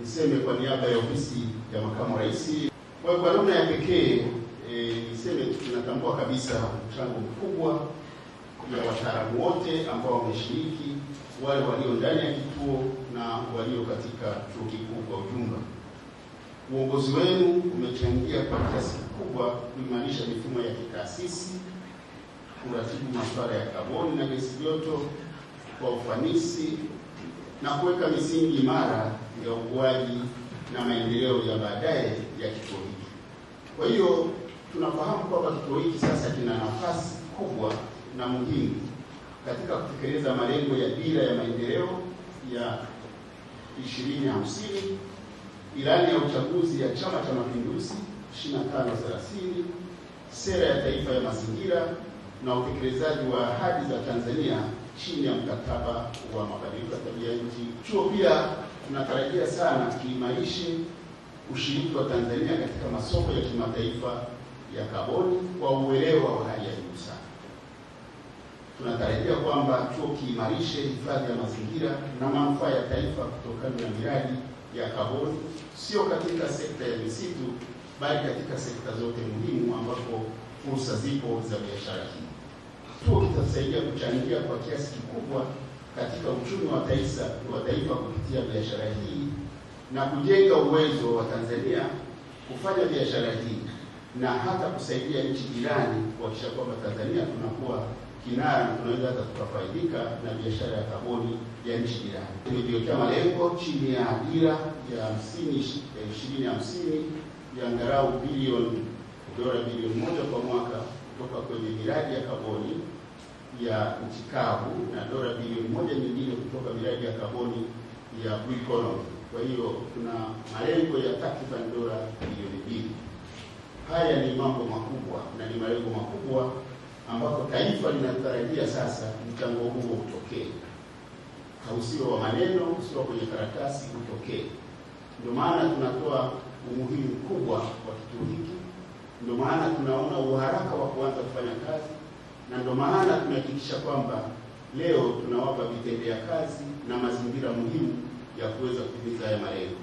niseme kwa niaba ya ofisi ya makamu wa rais, kwa kwa namna ya pekee e, niseme tunatambua kabisa mchango mkubwa ya wataalamu wote ambao wameshiriki, wale walio ndani ya kituo na walio katika chuo kikuu kwa ujumla. Uongozi wenu umechangia kwa kiasi kikubwa kuimarisha mifumo ya kitaasisi, kuratibu masuala ya kaboni na gesi joto kwa ufanisi na kuweka misingi imara ya ukuaji na maendeleo ya baadaye ya kituo hiki. Kwa hiyo tunafahamu kwamba kituo hiki sasa kina nafasi kubwa na muhimu katika kutekeleza malengo ya dira ya maendeleo ya 2050, ilani ya uchaguzi ya Chama cha Mapinduzi 2530, sera ya taifa ya mazingira na utekelezaji wa ahadi za Tanzania chini ya mkataba wa mabadiliko ya tabia nchi. Chuo pia tunatarajia sana kiimarishe ushiriki wa Tanzania katika masoko ya kimataifa ya kaboni kwa uelewa wa hali ya juu sana. Tunatarajia kwamba chuo kiimarishe hifadhi ya mazingira na manufaa ya taifa kutokana na miradi ya kaboni, sio katika sekta ya misitu, bali katika sekta zote muhimu ambapo fursa zipo za biashara hii kituo kitasaidia kuchangia kwa kiasi kikubwa katika uchumi wa taifa wa taifa kupitia biashara hii na kujenga uwezo wa Tanzania kufanya biashara hii na hata kusaidia nchi jirani kuhakikisha kwamba Tanzania tunakuwa kinara, na tunaweza hata tukafaidika na biashara ya kaboni ya nchi jirani. kama malengo chini ya dira ya hamsini ishirini hamsini ya angalau bilioni dola bilioni moja kwa mwaka kutoka kwenye miradi ya kaboni ya nchi kavu na dola bilioni moja nyingine kutoka miradi ya kaboni ya blue economy. Kwa hiyo tuna malengo ya takriban dola bilioni mbili. Haya ni mambo makubwa na ni malengo makubwa ambapo taifa linatarajia sasa mchango huo utokee, hausiwe wa maneno, usio kwenye karatasi, utokee. Ndio maana tunatoa umuhimu mkubwa wa kitu ndio maana tunaona uharaka wa kuanza kufanya kazi, na ndio maana tunahakikisha kwamba leo tunawapa vitendea kazi na mazingira muhimu ya kuweza kutimiza haya malengo.